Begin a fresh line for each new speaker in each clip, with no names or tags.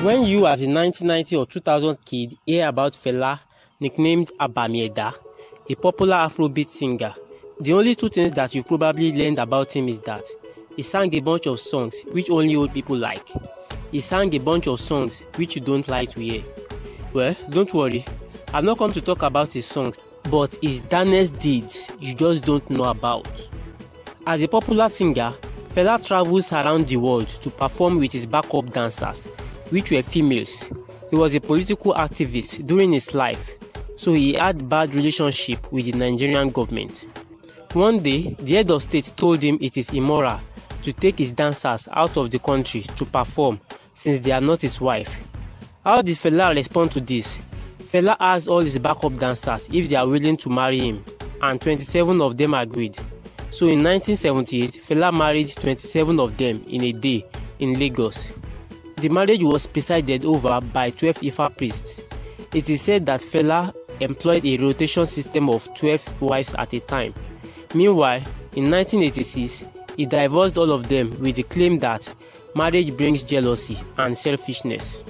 When you as a 1990 or 2000 kid hear about Fela, nicknamed Abamieda, a popular Afrobeat singer, the only two things that you probably learned about him is that he sang a bunch of songs which only old people like. He sang a bunch of songs which you don't like to hear. Well, don't worry, I've not come to talk about his songs, but his darnest deeds you just don't know about. As a popular singer, Fela travels around the world to perform with his backup dancers which were females. He was a political activist during his life, so he had bad relationship with the Nigerian government. One day, the head of state told him it is immoral to take his dancers out of the country to perform since they are not his wife. How did Fela respond to this? Fela asked all his backup dancers if they are willing to marry him, and 27 of them agreed. So in 1978, Fela married 27 of them in a day in Lagos. The marriage was presided over by 12 Ifa priests. It is said that Fela employed a rotation system of 12 wives at a time. Meanwhile, in 1986, he divorced all of them with the claim that marriage brings jealousy and selfishness.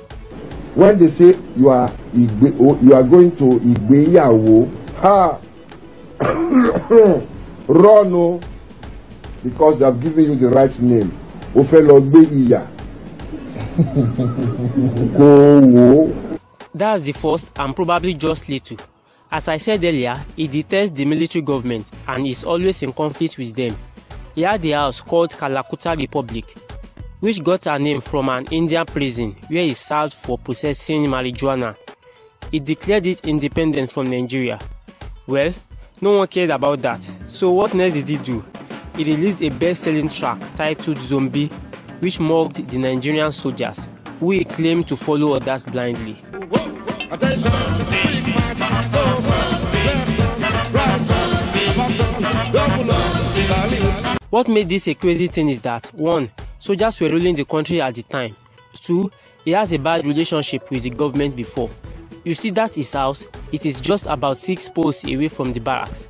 When they say you are you are going to ìgbéyàwó ha run o because they have given you the right name o fẹ́ That's the first and probably just little. As I said earlier, he detests the military government and is always in conflict with them. He had a house called Kalakuta Republic, which got her name from an Indian prison where he served for possessing marijuana. He declared it independent from Nigeria. Well, no one cared about that. So what next did he do? He released a best-selling track titled Zombie which mocked the Nigerian soldiers who he claimed to follow others blindly. What made this a crazy thing is that 1. Soldiers were ruling the country at the time. 2. He has a bad relationship with the government before. You see that his house, it is just about 6 posts away from the barracks.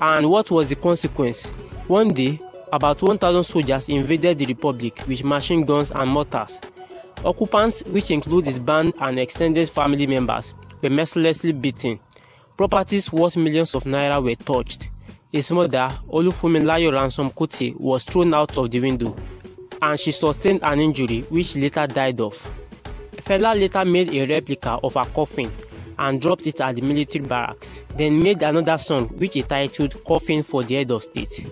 And what was the consequence? One day, about 1,000 soldiers invaded the Republic with machine guns and mortars. Occupants, which include his band and extended family members, were mercilessly beaten. Properties worth millions of naira were touched. His mother, Olufumilayo Ransom Kuti, was thrown out of the window, and she sustained an injury which later died off. Fela later made a replica of her coffin and dropped it at the military barracks, then made another song which he titled Coffin for the Head of State.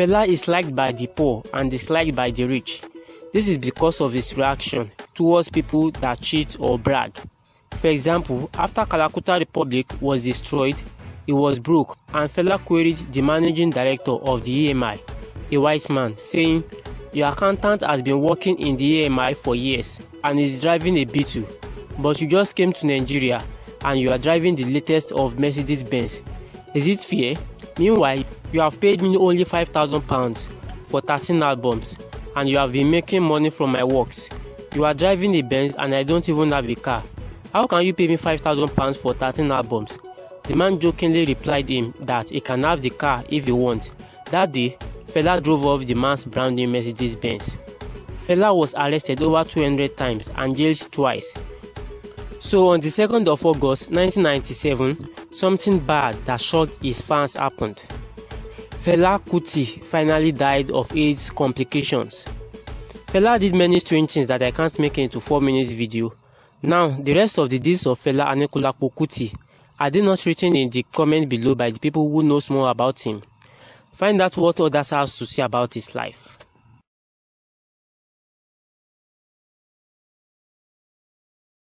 Fela is liked by the poor and disliked by the rich. This is because of his reaction towards people that cheat or brag. For example, after Calcutta Republic was destroyed, he was broke and Fela queried the managing director of the EMI, a white man, saying, Your accountant has been working in the EMI for years and is driving a Beetle, but you just came to Nigeria and you are driving the latest of Mercedes Benz Is it fair? Meanwhile, you have paid me only £5,000 for 13 albums and you have been making money from my works. You are driving a Benz and I don't even have a car. How can you pay me £5,000 for 13 albums? The man jokingly replied him that he can have the car if he wants. That day, Fela drove off the man's brand new Mercedes Benz. Fela was arrested over 200 times and jailed twice. So on the 2nd of August 1997, something bad that shocked his fans happened. Fela Kuti finally died of AIDS complications. Fela did many strange things that I can't make into 4 minutes video. Now, the rest of the deeds of Fela Anikulapo Kuti are they not written in the comment below by the people who knows more about him? Find out what others have to say about his life.